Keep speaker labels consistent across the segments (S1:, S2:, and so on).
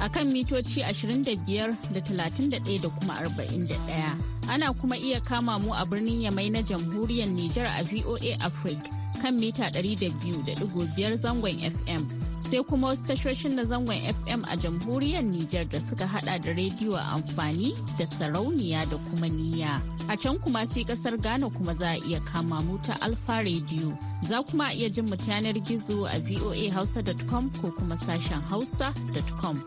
S1: a kan mitoci 25 da 31 da kuma 41. Ana kuma iya kama mu a birnin Yamai na jamhuriyar Nijar a VOA Africa kan mita 200.5 zangon FM. sai kuma wasu tashoshin na zangon fm a jamhuriyar Nijar da suka hada da rediyo a amfani da sarauniya da kuma niyya a can kuma sai kasar ghana kuma za a iya kama mu ta alfa rediyo za kuma a iya jin mu yanar gizo a voahausa.com ko kuma sashen hausa.com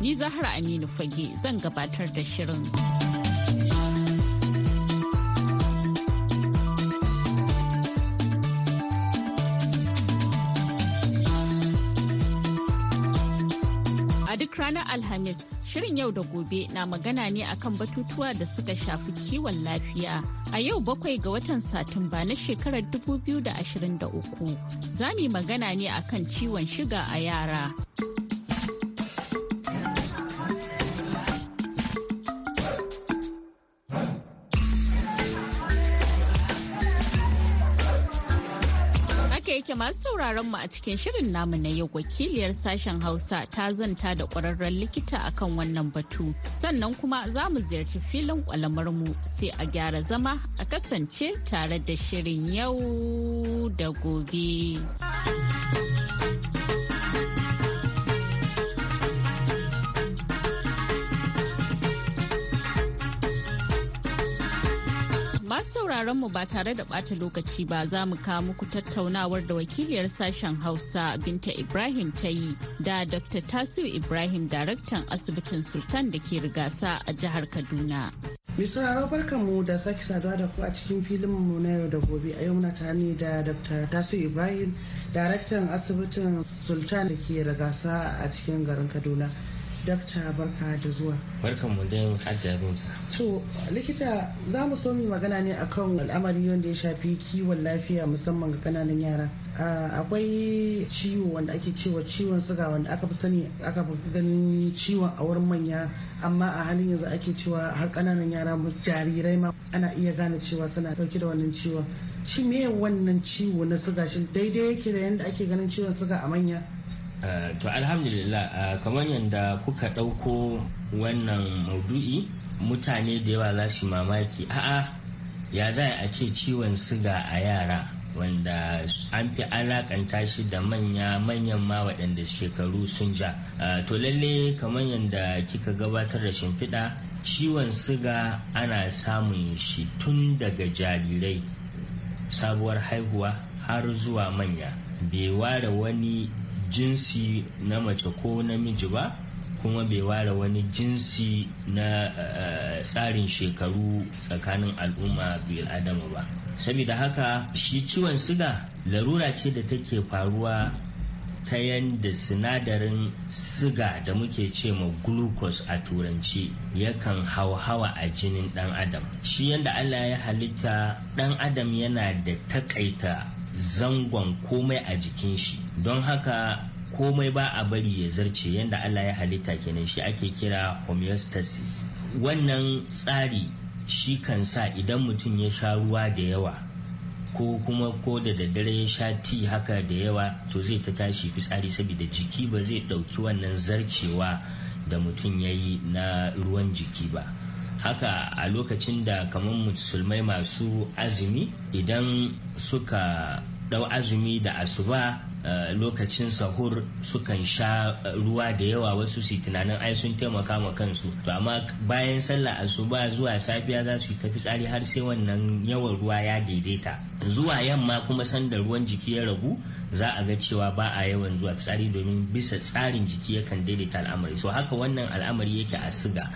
S1: ni zahra aminu fage zan gabatar da shirin. Alhamis, shirin yau da gobe na magana ne akan batutuwa da suka shafi kiwon lafiya. A yau bakwai ga watan Satumba na shekarar da ashirin 2023, za mu magana ne akan ciwon shiga a yara. masu sauraron mu a cikin shirin namu na yau wakiliyar sashen Hausa ta zanta da ƙwararren likita akan wannan batu. Sannan kuma za mu ziyarci filin mu sai a gyara zama a kasance tare da shirin yau da gobe. sauraron mu ba tare da ɓata lokaci ba za mu kawo muku tattaunawar da wakiliyar sashen Hausa Binta Ibrahim ta yi da Dr. Tasiu Ibrahim daraktan asibitin Sultan da ke rigasa a jihar Kaduna.
S2: Misalawa barkan mu da sake saduwa da ku a cikin filin mu na yau da gobe a yau na tare da Dr. Tasiu Ibrahim daraktan asibitin Sultan da ke rigasa a cikin garin Kaduna. dakta barka da zuwa
S3: barkan mu dai hajjar
S2: to likita za mu so mu magana ne akan al'amari wanda ya shafi kiwon lafiya musamman ga kananan yara akwai ciwo wanda ake cewa ciwon suga wanda aka fi sani aka fi ganin ciwon a wurin manya amma a halin yanzu ake cewa har kananan yara jarirai ma ana iya gane cewa suna dauke da wannan ciwon shi me wannan ciwo na suga shi daidai yake da yadda ake ganin ciwon suga a manya
S3: Eh, to alhamdulillah eh, kamar yadda kuka ɗauko wannan maudu'i mutane da yawa za su mamaki a'a ya za a ce ciwon siga a yara wanda an fi alakanta shi da manya manyan ma waɗanda shekaru sun ja eh, to lalle kamar yadda kika gabatar da shimfiɗa ciwon siga ana samun shi tun daga jarirai sabuwar haihuwa har zuwa manya bai ware wani jinsi na mace ko namiji ba kuma bai ware wani jinsi na eh, tsarin shekaru tsakanin al'umma bil adama ba saboda haka shi ciwon siga larura ce da take faruwa ta yadda sinadarin siga da muke ce ma glucose a turanci yakan hauhawa a jinin dan adam shi yadda allah ya halitta dan adam yana da takaita zangon komai a jikin shi don haka komai ba a bari ya zarce yadda Allah ya halitta kenan shi ake kira homeostasis wannan tsari shi kan sa idan mutum ya sha ruwa da yawa ko kuma ko da daddare ya sha ti haka da yawa to zai ta tashi fitsari saboda jiki ba zai ɗauki wannan zarcewa da mutum ya yi na ruwan jiki ba haka a lokacin da kamar musulmai masu azumi idan suka dau azumi da asuba eh, lokacin sahur sukan sha eh, ruwa da yawa wasu su tunanin ai sun taimaka ma kansu to amma bayan sallah asuba zuwa safiya za su ta fitsari har sai wannan yawan ruwa ya daidaita zuwa yamma kuma sanda ruwan jiki ya ragu za a ga cewa ba a yawan zuwa fitsari domin bisa tsarin jiki yakan daidaita al'amari so haka wannan al'amari yake a siga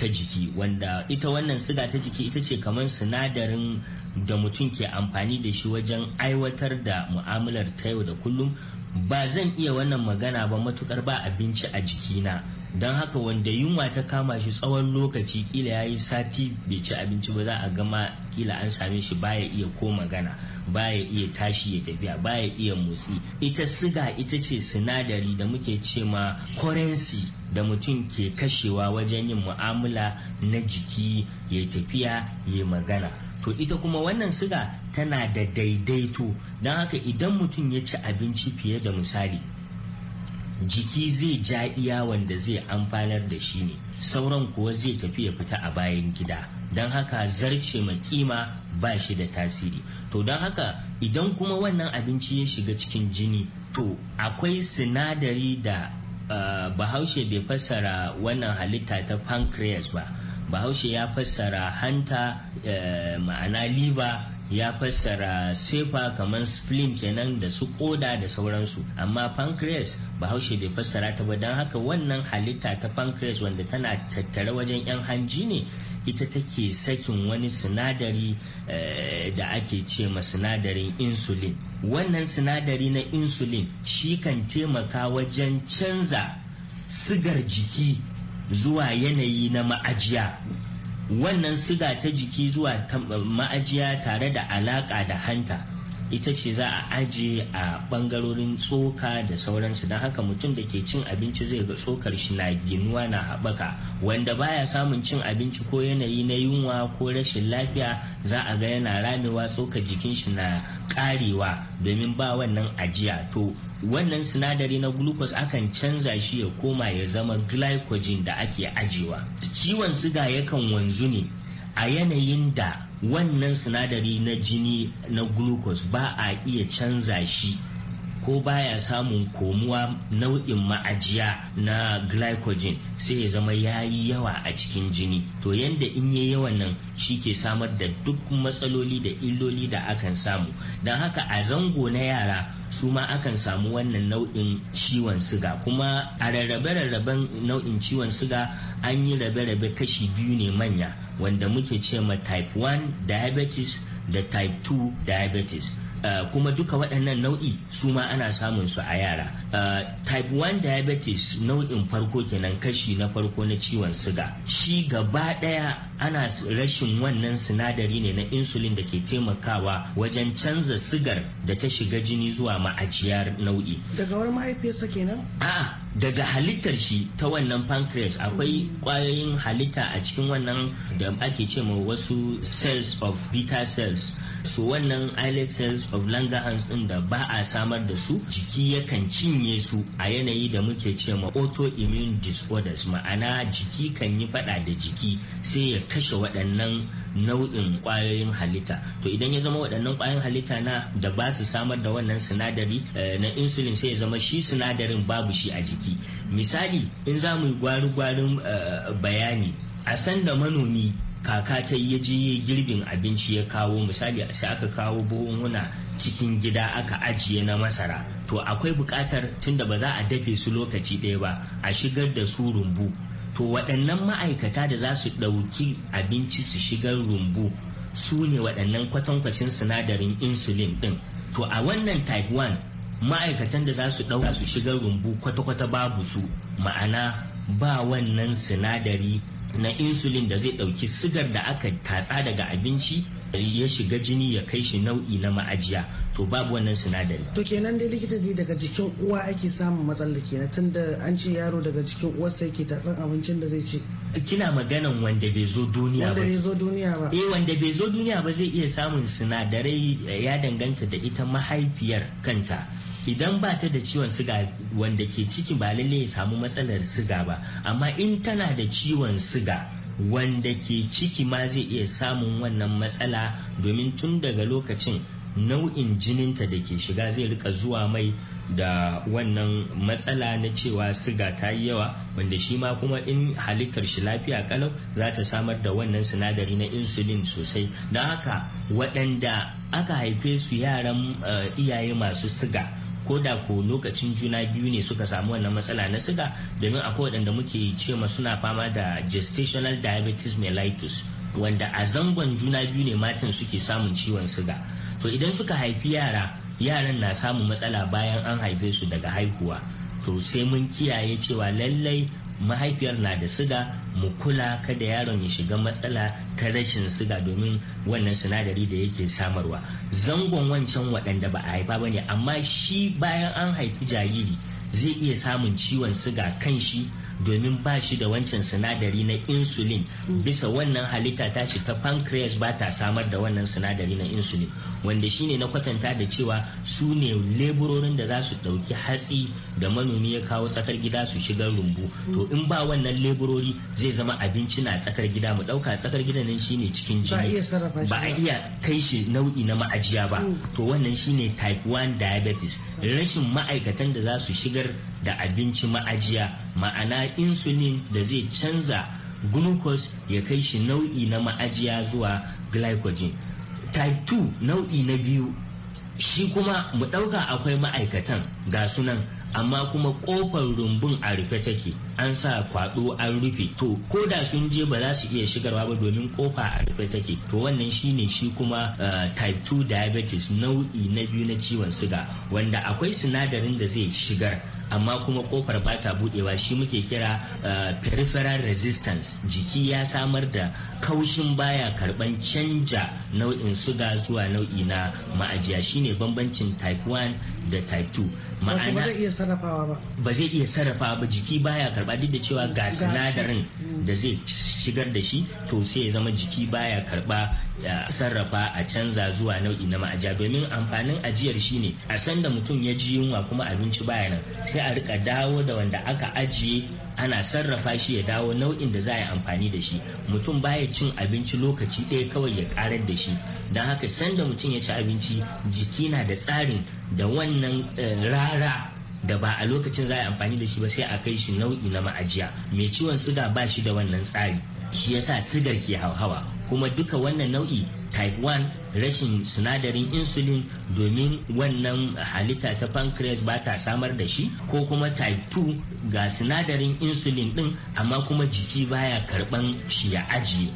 S3: ta jiki wanda ita wannan siga ta jiki ita ce kamar sinadarin da mutum ke amfani da shi wajen aiwatar da mu'amalar ta yau da kullum ba zan iya wannan magana ba matukar ba abinci a jikina don haka wanda yunwa ta kama shi tsawon lokaci kila ya yi sati bai ci abinci ba za a gama kila an same shi baya iya ko magana baya iya tashi ya tafiya baya iya motsi ita siga ita ce sinadari da muke ce ma currency da mutum ke kashewa wajen yin mu'amala na jiki ya tafiya ya magana to ita kuma wannan siga tana da daidaito don haka idan mutum ya ci abinci fiye da misali jiki zai ja iya wanda zai amfanar da shi ne sauran kuwa zai tafi ya fita a bayan gida don haka zarce mai kima ba shi da tasiri to don haka idan kuma wannan abinci ya shiga cikin jini to akwai sinadari da uh, bahaushe bai fassara wannan halitta ta pancreas ba bahaushe ya fassara hanta uh, ma'ana liver ya fassara sefa kamar spleen kenan da su koda da sauransu amma pancreas bahaushe bai fassara ta ba don haka wannan halitta ta pancreas wanda tana tattare wajen 'yan hanji ne ita take sakin wani sinadari eh, da ake ce ma sinadarin insulin wannan sinadari na insulin shi kan taimaka wajen canza sigar jiki zuwa yanayi na ma'ajiya wannan siga ta jiki zuwa eh, ma'ajiya tare da alaka da hanta ita ce za a aje a bangarorin tsoka da sauransu don haka mutum da ke cin abinci zai ga tsokar shi na ginuwa na haɓaka wanda baya samun cin abinci ko yanayi na yunwa ko rashin lafiya za a ga yana ramewa tsokar jikin shi na karewa domin ba wannan ajiya to wannan sinadari na glucose akan canza shi ya koma ya zama glycogen da ake ajiwa ciwon siga yakan wanzu ne a yanayin da wannan sinadari na jini na glucose ba a iya canza shi ko baya samun komuwa nau'in ma'ajiya na glycogen sai ya zama ya yi yawa a cikin jini to yanda in yi yawan nan shi ke samar da duk matsaloli da illoli da akan samu don haka a zango na yara su ma akan samu wannan nau'in ciwon siga kuma a rarrabe-rarraben nau'in ciwon siga an yi rabe-rabe kashi biyu ne manya wanda muke ce ma type 1 diabetes da type 2 diabetes Uh, kuma duka waɗannan nau'i su ma ana samun su a yara uh, type 1 diabetes nau'in farko kenan kashi na farko na ciwon siga shi gaba daya ana rashin wannan sinadari ne na insulin da ke taimakawa wajen canza sigar da ta shiga jini zuwa ma'ajiyar nau'i
S2: daga wani mahaifiyarsa kenan
S3: a daga halittar shi ta wannan pancreas akwai kwayoyin halitta a cikin wannan da ake ce ma wasu cells of beta cells su wannan islet cells of langerhans din da ba a samar da su jiki yakan cinye su a yanayi da muke ce ma autoimmune disorders ma'ana jiki kan yi fada da jiki sai ya kashe waɗannan nau'in kwayoyin halitta to idan ya zama waɗannan kwayoyin halitta na da ba su samar da wannan sinadari eh, na insulin sai ya zama shi sinadarin babu shi a jiki misali in za mu yi gwari-gwarin eh, bayani a sanda manomi kaka ta yi je girbin abinci ya kawo misali sai aka kawo buhunhuna cikin gida aka ajiye na masara to akwai bukatar tunda ba za a dafe su lokaci ɗaya ba a shigar da su rumbu to waɗannan ma'aikata da za su ɗauki abinci su shigar rumbu su ne waɗannan kwatankwacin sinadarin insulin ɗin to a wannan type 1 ma'aikatan da za su ɗauka su shigar rumbu kwata-kwata babu su ma'ana ba wannan sinadari na insulin da zai ɗauki sigar da aka tatsa daga abinci Eh, ya shiga jini ya kai shi nau'i na ma'ajiya to babu wannan sinadari
S2: to kenan dai likita dai daga jikin uwa ake samun matsala kenan tunda an ce yaro daga jikin sai ke tatsan abincin da zai ci
S3: kina maganan wanda bai zo duniya ba wanda bai
S2: zo duniya ba eh
S3: wanda bai zo duniya ba zai iya samun sinadarai eh, ya danganta da ita mahaifiyar kanta idan ba ta da ciwon siga wanda ke ciki ba lalle ya samu matsalar siga ba amma in tana da ciwon siga wanda ke ciki ma zai iya samun wannan matsala domin tun daga lokacin nau'in jininta da ke shiga zai rika zuwa mai da wannan matsala na cewa siga ta yi yawa wanda shi ma kuma in halittar shi lafiya kalau za ta samar da wannan sinadari na insulin sosai don haka waɗanda aka haife su yaran eh, iyaye masu siga ko da ko lokacin juna biyu ne suka samu wannan matsala na siga domin akwai waɗanda muke ce suna fama da gestational diabetes mellitus wanda a zangon juna biyu ne matan suke samun ciwon siga to idan suka haifi yara yaran na samun matsala bayan an haife su daga haihuwa to sai mun kiyaye cewa lallai mahaifiyar na da siga mu kula kada yaron ya shiga matsala ta rashin siga domin wannan sinadari da yake samarwa zangon wancan waɗanda ba a haifa ba ne amma shi bayan an haifi jariri zai iya samun ciwon siga kan shi domin ba shi da wancan sinadari na insulin bisa wannan halitta ta shi ta pancreas ba ta samar da wannan sinadari na insulin wanda shine na kwatanta da cewa su ne leburorin da za su ɗauki hatsi da manomi ya kawo tsakar gida su shiga rumbu to in ba wannan leburori zai zama abinci na tsakar gida mu ɗauka tsakar gidan nan shine cikin jini ba a iya kai shi nau'i na ma'ajiya ba mm. to wannan shine type 1 diabetes rashin ma'aikatan da za su shigar da abinci ma'ajiya ma'ana insulin da zai canza glucose ya kai shi nau'i na ma'ajiya zuwa glycogen type 2 nau'i na biyu shi kuma mu ɗauka akwai ma'aikatan ga sunan amma kuma kofar rumbun a rufe take an sa kwado an rufe to ko da sun je ba za su iya shigarwa ba domin kofa a rufe take to wannan shine shi kuma eh, type 2 diabetes nau'i na biyu na ciwon siga wanda akwai sinadarin da zai shigar amma kuma kofar ba ta budewa shi muke kira eh, peripheral resistance jiki ya samar da kaushin baya karban canja nau'in suga zuwa nau'i na ma'ajiya shine bambancin type 1 da type 2 ma'ana ba zai iya sarrafa ba jiki baya karba duk da cewa ga sinadarin hmm. da zai shigar da shi to sai ya zama jiki baya karba sarrafa a canza zuwa nau'i na ma'aja domin amfanin ajiyar shi ne a sanda mutum ya ji yunwa kuma abinci baya nan sai a rika dawo da wanda aka ajiye ana sarrafa shi ya dawo nau'in da za a yi amfani da shi mutum baya cin abinci lokaci ɗaya kawai ya karar da shi don haka sanda mutum ya ci abinci jiki na da tsarin da wannan eh, rara da ba a lokacin za a amfani da shi ba sai a kai shi nau'i na ma'ajiya mai ciwon suga ba shi da wannan tsari shi yasa sigar ke hauhawa kuma duka wannan nau'i type 1 rashin sinadarin insulin domin wannan halitta ta pancreas ba ta samar da shi ko kuma type 2 ga sinadarin insulin din amma kuma jiki baya karban shi ya ajiye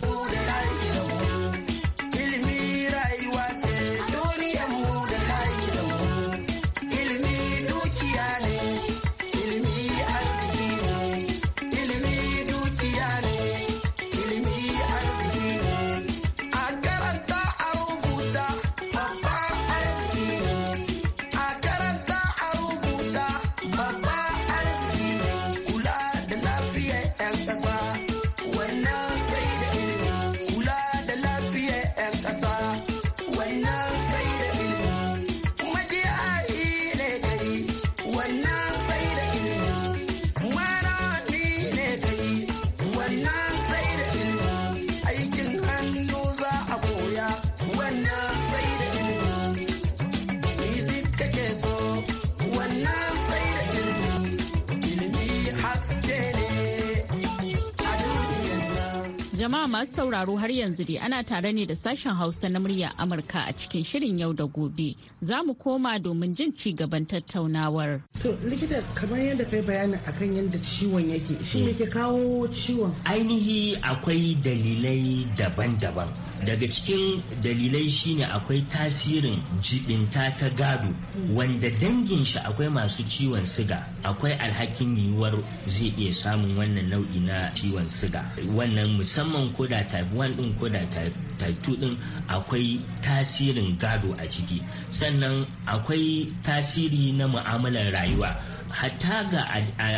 S1: Jama'a masu sauraro har yanzu dai ana tare ne da sashen Hausa na murya Amurka a cikin shirin yau da gobe. Za mu koma domin jin ci gaban tattaunawar. To likita kamar yadda
S2: kai bayanin akan yadda ciwon yake shi ne ke kawo ciwon?
S3: Ainihi akwai dalilai daban-daban. Daga cikin dalilai shine akwai tasirin jibinta ta gado wanda dangin shi akwai masu ciwon siga akwai alhakin yiwuwar zai iya samun wannan nau'i na ciwon siga wannan musamman musamman ko da type 1 din ko da type 2 din akwai tasirin gado a ciki sannan akwai tasiri na mu'amalar rayuwa hatta ga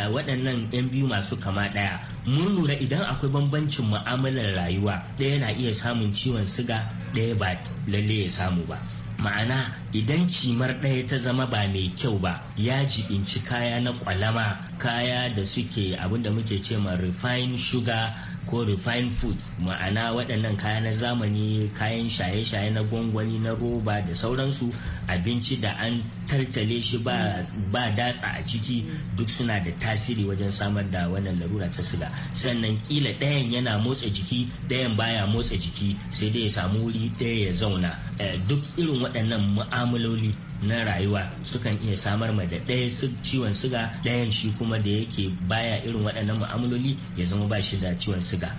S3: waɗannan 'yan biyu masu kama ɗaya mun lura idan akwai bambancin mu'amalar rayuwa ɗaya na iya samun ciwon siga ɗaya ba lalle ya samu ba ma'ana idan cimar ɗaya ta zama ba mai kyau ba ya jibinci kaya na kwalama kaya da suke abinda muke ce ma refined sugar ko refined food ma'ana waɗannan kaya na zamani kayan shaye-shaye na gwangwani na roba da sauransu abinci da an tartale shi ba datsa a ciki duk suna da tasiri wajen samar da wannan larura ta siga sannan kila ɗayan yana motsa jiki ɗayan baya motsa jiki sai dai ya samu wuri ɗaya ya zauna eh, duk irin waɗannan mu'amaloli na rayuwa sukan iya samar ma da ɗaya ciwon suga ɗayan shi kuma da yake baya irin waɗannan mu'amaloli ya zama ba shi da ciwon suga.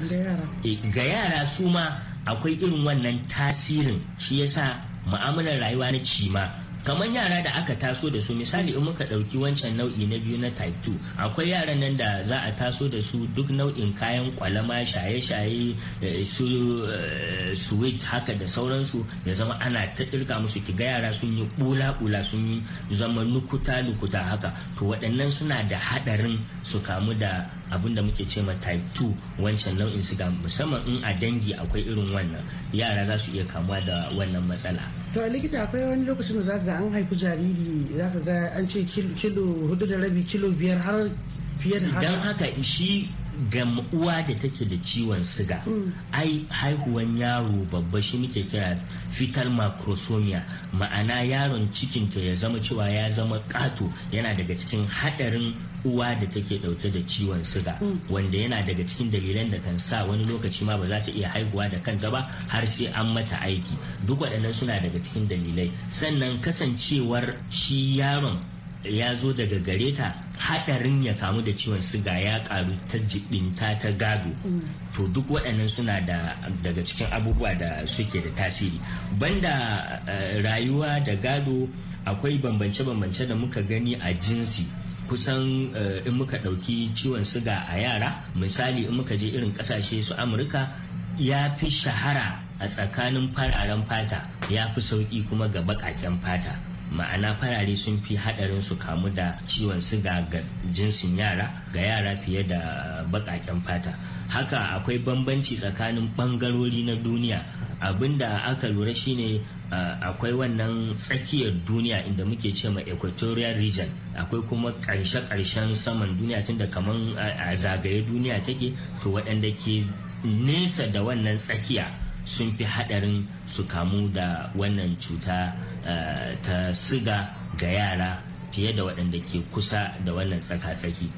S3: ga yara eh, su ma akwai irin wannan tasirin shi yasa mu'amalar rayuwa na cima kamar yara da aka taso da su misali in muka ɗauki wancan nau'i na biyu na type 2 akwai yaran nan da za a taso da su duk nau'in kayan kwalama shaye-shaye eh, su eh, sweet haka da sauransu ya zama ana ta ɗirka musu ki ga yara sun yi bula-bula sun yi zama nukuta-nukuta haka to waɗannan suna da haɗarin su kamu da abin da muke ce ma type 2 wancan nau'in siga musamman in a dangi akwai irin wannan yara za su iya kamuwa da wannan matsala
S2: to a likita akwai wani lokacin da zaka ga an haifi jariri zaka ga an ce kilo hudu da rabi kilo biyar
S3: har fiye da haka haka shi ga uwa da take da ciwon siga hmm. ai haihuwan yaro babba shi muke kira fetal macrosomia ma'ana yaron cikinta ya zama cewa ya zama kato yana daga cikin haɗarin. uwa da take dauke da ciwon siga mm. wanda yana daga cikin dalilan da kan sa wani lokaci ma ba za ta iya haihuwa da kanta ba har sai an mata aiki duk waɗannan suna daga cikin dalilai sannan kasancewar shi yaron ya zo daga gare ta hadarin ya kamu da ciwon siga ya karu ta jibinta ta gado mm. to duk waɗannan suna da daga cikin abubuwa da suke da tasiri banda eh, rayuwa da gado akwai bambance-bambance da muka gani a jinsi kusan eh, in muka ɗauki ciwon siga a yara misali in muka je irin ƙasashe su amurka ya fi shahara a tsakanin fararen fata ya fi sauƙi kuma ga baƙaƙen fata ma'ana farare sun fi haɗarin su kamu da ciwon siga ga jinsin yara ga yara fiye da baƙaƙen fata haka akwai bambanci tsakanin ɓangarori na duniya abinda aka lura shine Ah, akwai wannan tsakiyar duniya inda muke ce ma equatorial region akwai kuma ƙarshe-ƙarshen saman duniya tunda kamar a zagaye duniya take to waɗanda ke nesa da wannan tsakiya sun fi haɗarin su kamu da wannan cuta ah, ta siga ga yara fiye da waɗanda ke kusa da wannan tsaka-tsaki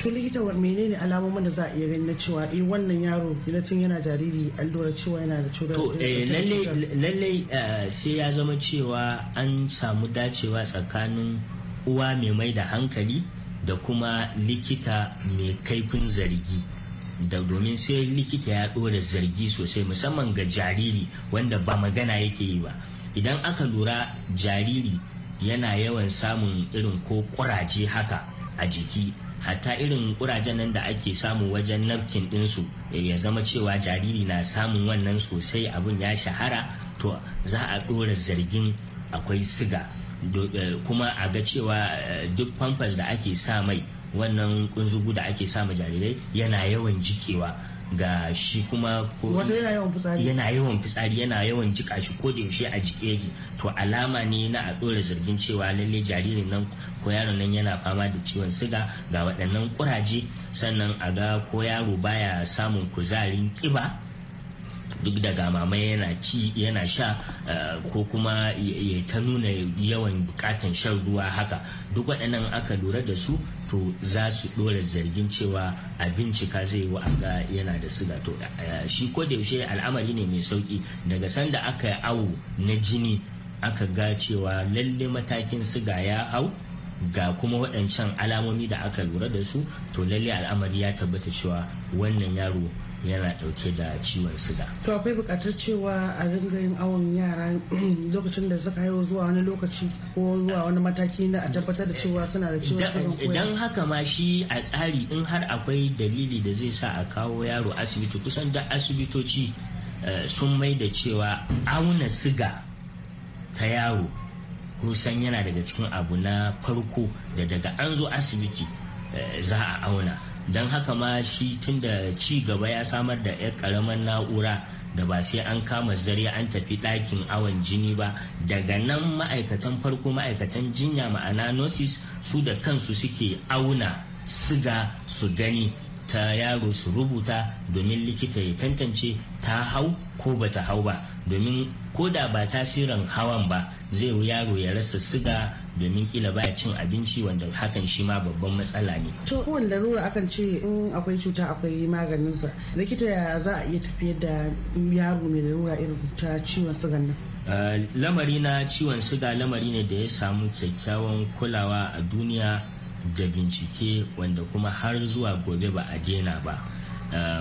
S2: to likita wa menene alamomin da za a iya gani na cewa eh wannan yaro tun yana jariri an lura cewa yana da cutar to eh,
S3: lallai eh, sai ya zama cewa an samu dacewa tsakanin uwa mai mai da hankali da kuma likita mai kaifin zargi da domin sai likita ya ɗora zargi sosai musamman ga jariri wanda ba magana yake yi ba idan aka lura jariri yana yawan samun irin ko ƙuraje haka a jiki hatta irin kurajen nan da ake samu wajen napkin ɗinsu eh, ya zama cewa jariri na samun wannan sosai abun ya shahara to za a ɗora zargin akwai siga eh, kuma a ga cewa eh, duk famfas da ake sa mai wannan kunzugu da ake samu jarirai yana yawan jikewa ga shi kuma ko yana yawan fitsari yana yawan fitsari jika shi ko da yaushe a jike yake to alama ne na a dora zargin cewa lalle jaririn nan ko yaron nan yana fama da ciwon siga ga waɗannan kuraje sannan a ga ko yaro baya samun kuzarin kiba duk daga mama yana ci yana sha eh, ko kuma ya ta nuna yawan bukatan shan ruwa haka duk waɗannan aka lura da su to za su ɗora zargin cewa a bincika zai wa ga yana da siga to eh, shi ko da yaushe al'amari ne mai sauki daga sanda aka awo na jini aka ga cewa lalle matakin siga ya hau ga kuma waɗancan alamomi da aka lura da su to lalle al'amari ya tabbata cewa wannan yaro yana dauke da ciwon siga
S2: to akwai bukatar cewa a ringa yin awon yara lokacin da suka haihu zuwa wani lokaci ko zuwa wani mataki na a tabbatar da cewa suna da ciwon suga. idan
S3: haka ma shi a tsari in har akwai dalili da zai sa a kawo yaro asibiti kusan da asibitoci eh, sun mai da cewa auna siga ta yaro kusan yana daga cikin abu na farko da daga an zo asibiti eh, za a auna don haka ma shi tun da ci gaba ya samar da 'yar karamar na'ura da ba sai an kama zare an tafi ɗakin awon jini ba daga nan ma'aikatan farko ma'aikatan jinya ma'ana nosis su da kansu suke auna siga su gani ta yaro su rubuta domin likita ya tantance ta hau ko bata hau ba domin ko da ba tasirin hawan ba zai yaro ya rasa siga domin kila baya cin abinci wanda hakan shi ma babban matsala ne.
S2: To kowane larura akan ce in akwai cuta akwai maganinsa. Likita ya za a iya tafiyar da yaro mai larura irin ta ciwon sigan
S3: nan? lamari na ciwon siga lamari ne da ya samu kyakkyawan kulawa a duniya da bincike wanda kuma har zuwa gobe ba a daina ba.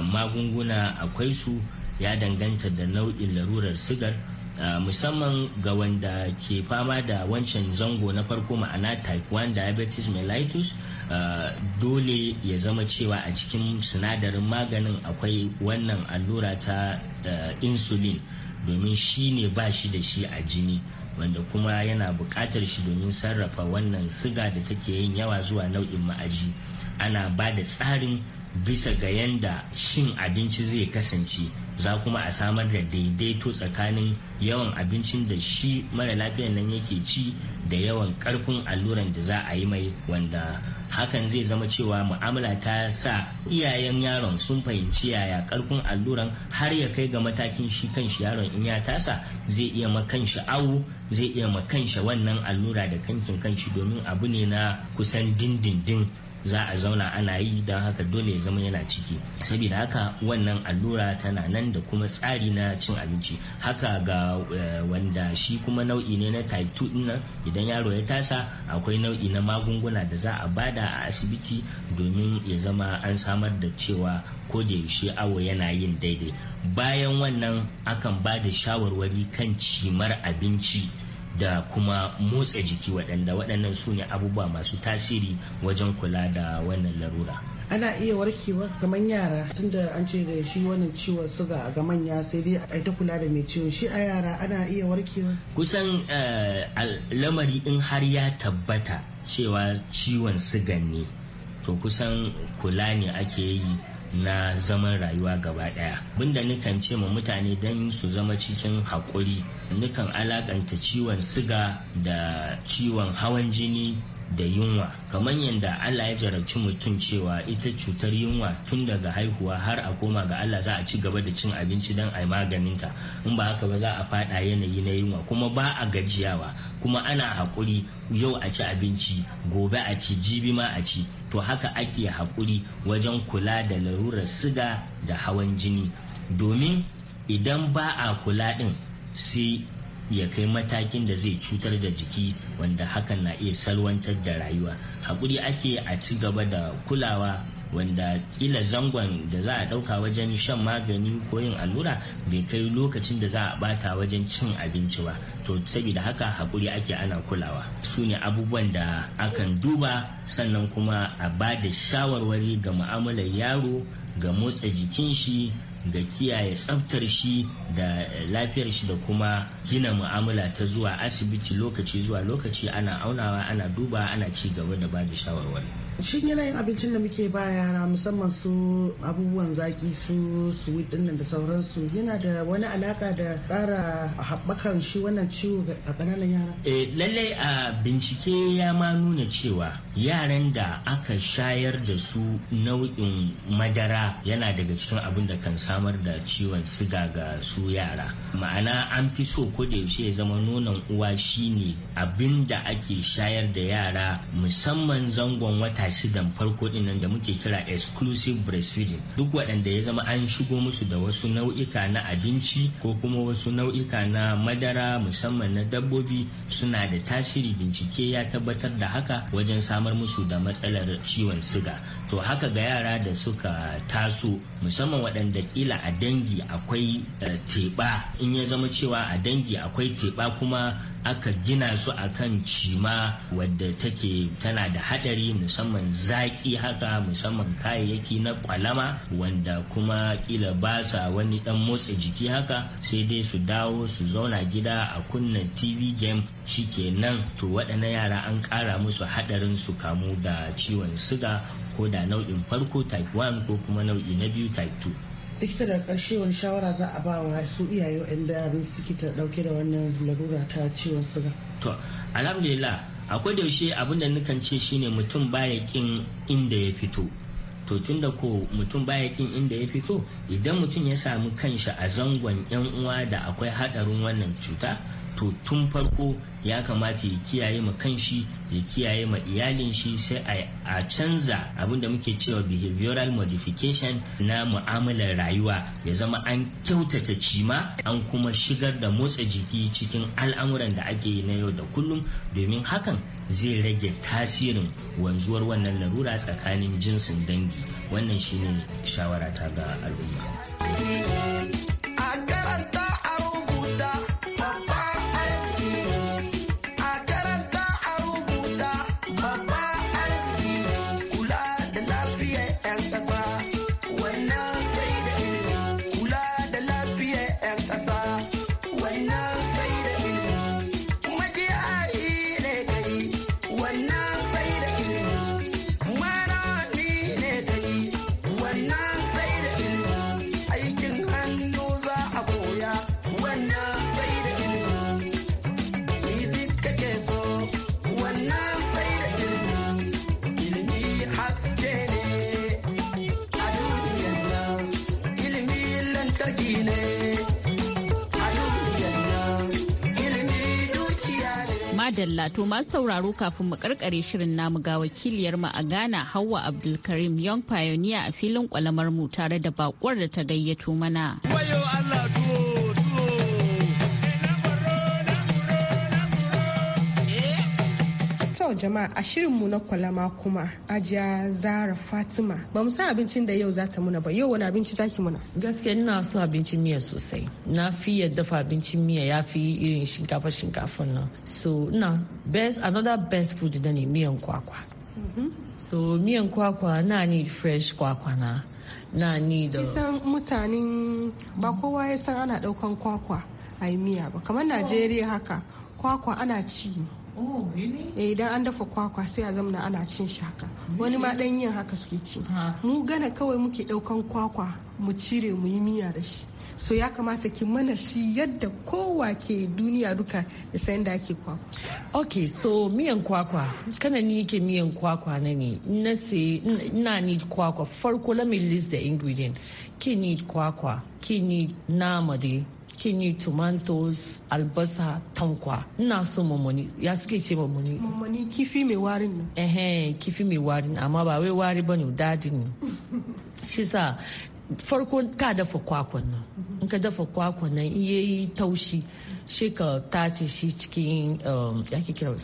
S3: magunguna akwai su ya danganta da nau'in larurar sigar Ah, musamman ga wanda ke fama da wancan zango na farko ma'ana type 1 diabetes mellitus ah, dole ya zama cewa a cikin sinadarin maganin akwai wannan allura ta ah, insulin domin shi ne ba shi da shi a jini wanda kuma yana bukatar shi domin sarrafa wannan siga da take yin yawa zuwa nau'in ma'aji ana ba da tsarin bisa ga yanda shin abinci zai kasance za kuma a samar da daidaito tsakanin yawan abincin da shi mara lafiyan nan yake ci da yawan karfin alluran da za a yi mai wanda hakan zai zama cewa mu'amala ta sa iyayen yaron sun fahimci yaya karfin alluran har ya kai ga matakin shi kan shi yaron in ya tasa zai iya shi awu zai iya shi wannan allura da kankin kanshi domin abu ne na kusan dindindin za a zauna ana yi don haka dole ya zama yana ciki saboda haka wannan allura tana nan da kuma tsari na cin abinci haka ga eh, wanda shi kuma nau'i ne na type 2 idan yaro ya tasa akwai nau'i na magunguna da za a bada a asibiti domin ya zama an samar da cewa ko da yaushe awo yana yin daidai bayan wannan akan ba da shawarwari kan cimar abinci da kuma motsa jiki waɗanda waɗannan su ne abubuwa masu tasiri wajen kula da wannan larura
S2: ana iya warkewa ga yara tunda an ce da shi wannan ciwon suga ga manya sai dai a ta kula da mai ciwon shi a yara ana iya warkewa
S3: kusan eh, lamari in har ya tabbata cewa ciwon sugan ne to kusan kula ne ake yi na zaman rayuwa gaba daya abinda nukan ce ma mutane don su zama cikin haƙuri nukan alaƙanta ciwon siga da ciwon hawan jini da yunwa kamar yadda Allah ya jarabci mutum cewa ita cutar yunwa tun daga haihuwa har a koma ga Allah za a ci gaba da cin abinci don a maganinta in ba haka ba za a fada yanayi na yunwa kuma ba a gajiyawa kuma ana haƙuri yau a ci abinci gobe a ci jibi ma a ci to haka ake haƙuri wajen kula da larurar siga da hawan jini domin idan ba a kula din sai ya kai matakin da zai cutar da jiki wanda hakan na iya salwantar da rayuwa hakuri ake a ci gaba da kulawa wanda kila zangon da za a ɗauka wajen shan magani ko yin allura bai kai lokacin da za a bata wajen cin abinci ba to saboda haka hakuri ake ana kulawa su ne abubuwan da akan duba sannan kuma a ba da shawarwari ga ma'amalar yaro ga motsa jikin shi ga kiyaye tsaftar shi da lafiyar shi da kuma gina mu'amala ta zuwa asibiti lokaci zuwa lokaci ana aunawa ana duba ana ci gaba da ba da shawarwari
S2: shin yanayin abincin da muke ba yara musamman su abubuwan zaki su sweet din da sauransu yana da wani alaka da ƙara haɓakan shi wannan ciwo a ƙananan yara
S3: eh lallai a bincike ya ma nuna cewa yaran da aka shayar da su nau'in madara yana daga cikin abin da kan samar da ciwon siga ga su yara ma'ana an fi so ko da yaushe ya zama nonon uwa shine abin da ake shayar da yara musamman zangon wata accident farko din da muke kira exclusive breastfeeding duk waɗanda ya zama an shigo musu da wasu nau'ika na abinci ko kuma wasu nau'ika na madara musamman na dabbobi suna da tasiri bincike ya tabbatar da haka wajen samar musu da matsalar ciwon siga to haka ga yara da suka taso musamman waɗanda kila a dangi akwai eh, teɓa in ya zama cewa a dangi akwai teɓa kuma aka gina su a kan cima wadda take tana da hadari musamman zaki haka musamman kayayyaki na kwalama wanda kuma kila ba sa wani dan motsa jiki haka sai dai su dawo su zauna gida a kunna tv game shikenan to waɗannan yara an ƙara musu hadarin su kamu da ciwon siga ko da nau'in farko type 1 ko kuma nau'i na biyu type 2
S2: likita da ƙarshe wani shawara za a ba wa su iyaye waɗanda yaran suke ta ɗauke da wannan larura ta ciwon suga
S3: to alhamdulillah akwai da yaushe abin da nukan ce shine mutum baya kin inda ya fito to tunda ko mutum baya kin inda ya fito idan mutum ya samu kanshi a zangon yan uwa da akwai hadarin wannan cuta to tun farko ya kamata ya kiyaye ma kanshi ya kiyaye ma iyalin shi sai a canza abin da muke cewa behavioral modification na mu'amalar rayuwa ya zama an kyautata cima an kuma shigar da motsa jiki cikin al'amuran da ake yi na yau da kullum domin hakan zai rage tasirin wanzuwar wannan larura tsakanin jinsin dangi wannan shine shawara ta ga
S4: al'umma
S1: Madalla to masu sauraro kafin mu karkare shirin namu ga wakiliyar mu a Ghana Hauwa Abdulkarim Young Pioneer a filin kwalamar mu tare da bakuwar da ta gayyato mana.
S2: yau jama'a a shirinmu na kwalama kuma ajiya zara Fatima ba mu san abincin da yau za ta muna ba yau wani abinci za ki muna.
S5: Gaskiya ina so abincin miya sosai. Na fi yadda fa abincin miya ya fi irin shinkafa shinkafa nan. So ina best another best food da ne miyan kwakwa. Mm-hmm. So miyan kwakwa na ni fresh kwakwa na. Na da uh, Kisan
S2: mutanen ba kowa ya san ana daukan kwakwa a miya ba. Kamar oh. Najeriya haka kwakwa ana ci.
S5: Oh, really?
S2: Eh, idan an dafa kwakwa sai a zamana ana cin shi haka. Wani ma dan yin haka suke ci. Mu gana kawai muke daukan kwakwa mu cire mu yi miya da shi. so ya kamata ki mana shi yadda kowa ke duniya duka da sayan da ake kwakwa.
S5: ok so miyan kwakwa kana ni yake miyan kwakwa na ne na se na need kwakwa farko let me list the ingredient ki need kwakwa ki need nama kini tomatoes albasa tankwa ina so mamoni ya suke ce mamoni mamoni kifi mai wari ne eh kifi mai wari amma ba wai wari bane dadin ne shi sa farko ka dafa kwakwan nan mhm. in ka dafa kwakwan nan iya yi taushi shi ka tace shi cikin um, yake kira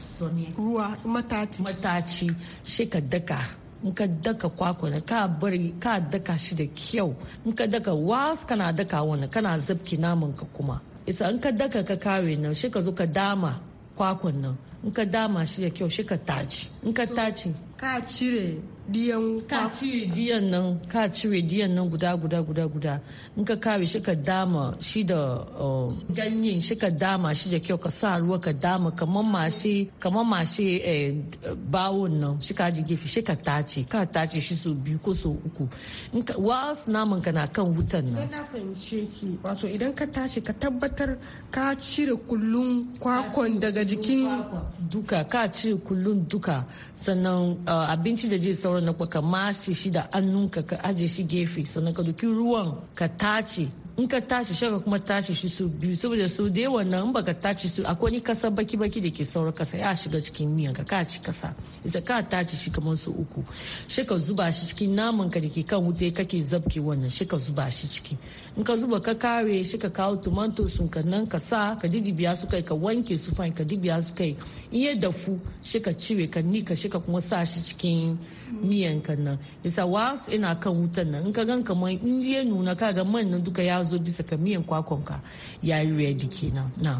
S5: ruwa mataci mataci shi ka daka in ka daka kwakwa ka bari ka daka shi da kyau in ka daka was kana daka wani kana zabki naman ka kuma isa in ka daka ka kare nan shi ka zo ka dama kwakwan nan in ka dama shi da kyau shi ka taci in ka taci ka cire diyan ka cire diyan nan ka cire diyan nan guda guda guda guda in ka kare shi ka dama shi da um, ganyen shi ka dama shi da kyau ka sa ruwa ka dama kamar mashe kamar mashe eh, bawon nan shi ka ji gefe shi ka tace ka tace shi su biyu ko su uku wasu naman ka na kan wutan nan
S2: na fahimce ki
S5: wato idan ka tace ka tabbatar ka cire kullun kwakwan daga jikin duka ka cire kullun duka sannan uh, abinci da je sauran sauran na ka shi da annun ka ka aje shi gefe sannan ka duki ruwan ka tace in ka tace shaka kuma tace shi su biyu saboda su da yawan nan baka tace su akwai ni kasa baki baki da ke saura kasa ya shiga cikin miyan ka ka ci kasa isa ka tace shi kamar su uku shaka zuba shi cikin naman ka da ke kan wuta kake zabke wannan shaka zuba shi ciki in ka zuba ka kare shi ka kawo tumanto sun ka nan ka sa ka dibiya su kai ka wanke su fine ka dibiya su kai in ya dafu shi cire ka nika shi ka kuma sa shi cikin miyan ka nan isa wasu ina kan wutan nan in ka gan kamar in ya nuna ka ga man nan duka ya zo bisa ka miyan ka ya yi ready kenan na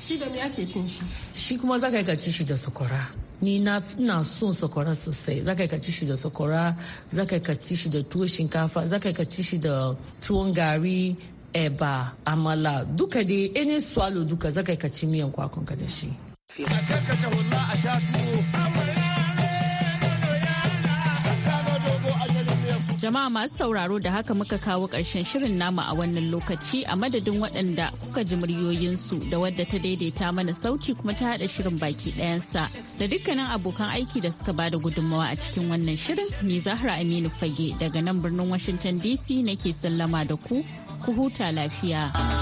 S5: shi da me ake cin shi shi kuma za ka ci shi da sakwara ni na ina son sakwara sosai za ka ci shi da sakwara za ka ci shi da tuwo shinkafa za ka ci shi da tuwon gari eba amala duka dai any swallow duka za ka yi ci miyan ka da shi
S4: a sha tuwo
S1: Jama'a masu sauraro da haka muka kawo ƙarshen shirin namu a wannan lokaci a madadin waɗanda kuka ji muryoyinsu da wadda ta daidaita mana sauti kuma ta haɗa shirin baki ɗayansa da dukkanin abokan aiki da suka bada gudunmawa a cikin wannan shirin ni Zahra Aminu Fage daga nan birnin Washington DC nake sallama da ku ku huta lafiya.